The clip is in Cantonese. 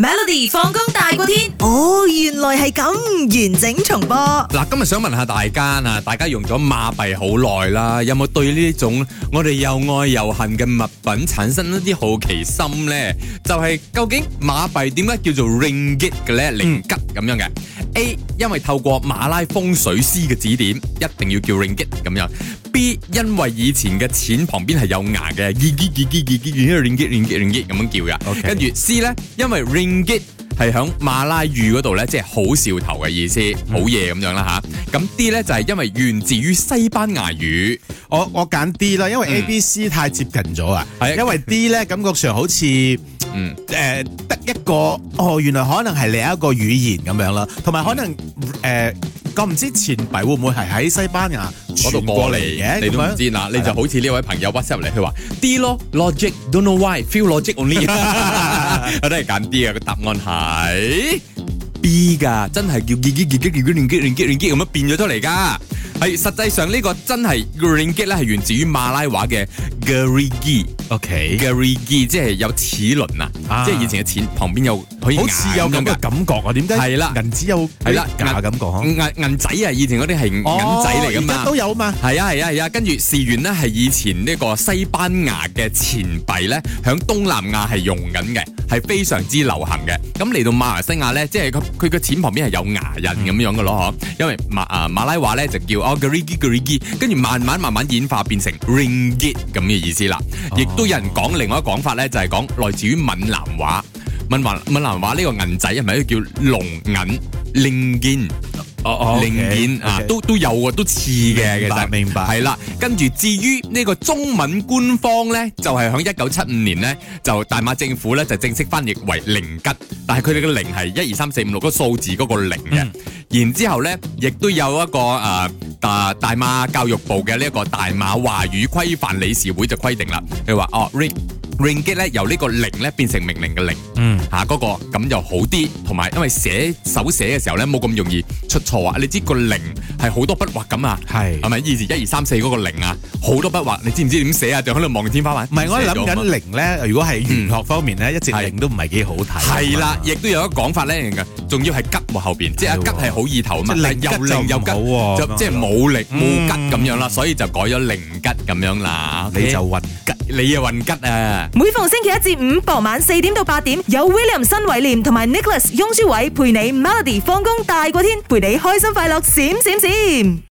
Melody 放工大過天，哦，原來係咁，完整重播。嗱，今日想問下大家啊，大家用咗馬幣好耐啦，有冇對呢種我哋又愛又恨嘅物品產生一啲好奇心咧？就係究竟馬幣點解叫做 ringgit 嘅咧？嗯。咁樣嘅 A，因為透過馬拉風水師嘅指點，一定要叫 ringgit 咁樣。B，因為以前嘅錢旁邊係有牙嘅，咁樣叫噶。跟住 C 咧，因為 ringgit。係喺馬拉語嗰度咧，即係好兆頭嘅意思，冇嘢咁樣啦吓，咁、啊、D 咧就係、是、因為源自於西班牙語，我我揀 D 啦，因為 A、B、C 太接近咗啊。係、嗯、因為 D 咧感覺上好似，誒得、嗯呃、一個哦，原來可能係另一個語言咁樣啦。同埋可能誒、嗯呃，我唔知前輩會唔會係喺西班牙嗰度過嚟嘅，你都唔知嗱，樣你就好似呢位朋友 WhatsApp 你，佢話、嗯、D 咯，logic don't know why feel logic only。 我 都係揀啲啊！個答案係 Elena B 㗎，真係叫嘰嘰嘰嘰嘰嘰嘰嘰嘰嘰咁樣變咗出嚟㗎。係、uh huh。實際上呢個真係 Ringgit 咧，係源自於馬拉話嘅。Gerigi, OK, Gerigi 即係有齒輪啊，即係以前嘅錢，旁邊有好似有咁嘅感覺啊？點解？係啦，銀紙有，係啦，牙感覺。銀仔啊，以前嗰啲係銀仔嚟噶嘛，哦、都有啊嘛。係啊，係啊，係啊，啊，啊，啊。跟住，事緣呢，係以前呢個西班牙嘅錢幣咧，響東南亞係用緊嘅，係非常之流行嘅。咁嚟到馬來西亞咧，即係佢佢嘅錢旁邊係有牙印咁樣嘅咯，嗯、因為馬啊馬來話咧就叫嘅 Gerigi，、哦、跟住慢慢慢慢演化變成 ringgit 咁嘅。意思啦，亦都、哦、有人講另外一個講法咧，就係、是、講來自於閩南話，閩話閩南話呢個銀仔係咪一個叫龍銀零件？哦哦，零件、哦、okay，啊，都都有啊，都似嘅白其實，明白係啦。跟住至於呢個中文官方咧，就係響一九七五年咧，就大馬政府咧就正式翻譯為零吉，但係佢哋嘅零係一二三四五六嗰個數字嗰個零嘅。嗯。然之後呢，亦都有一個誒誒、呃、大，大馬教育部嘅呢一個大馬華語規範理事會就規定啦，佢話哦，Rick Ringgit 咧由呢個零咧變成命令嘅零，吓嗰個咁就好啲，同埋因為寫手寫嘅時候咧冇咁容易出錯啊！你知個零係好多筆畫咁啊，係係咪二字一二三四嗰個零啊，好多筆畫，你知唔知點寫啊？就喺度望天花板。唔係我諗緊零咧，如果係玄學方面咧，一直零都唔係幾好睇。係啦，亦都有一個講法咧，嘅仲要係吉喎後邊，即係吉係好意頭啊嘛，又零又吉，即係冇力冇吉咁樣啦，所以就改咗零吉。咁樣啦，你就運吉，你啊運吉啊！每逢星期一至五傍晚四點到八點，有 William 新維廉同埋 Nicholas 翁舒偉陪你 Melody 放工大過天，陪你開心快樂閃閃閃。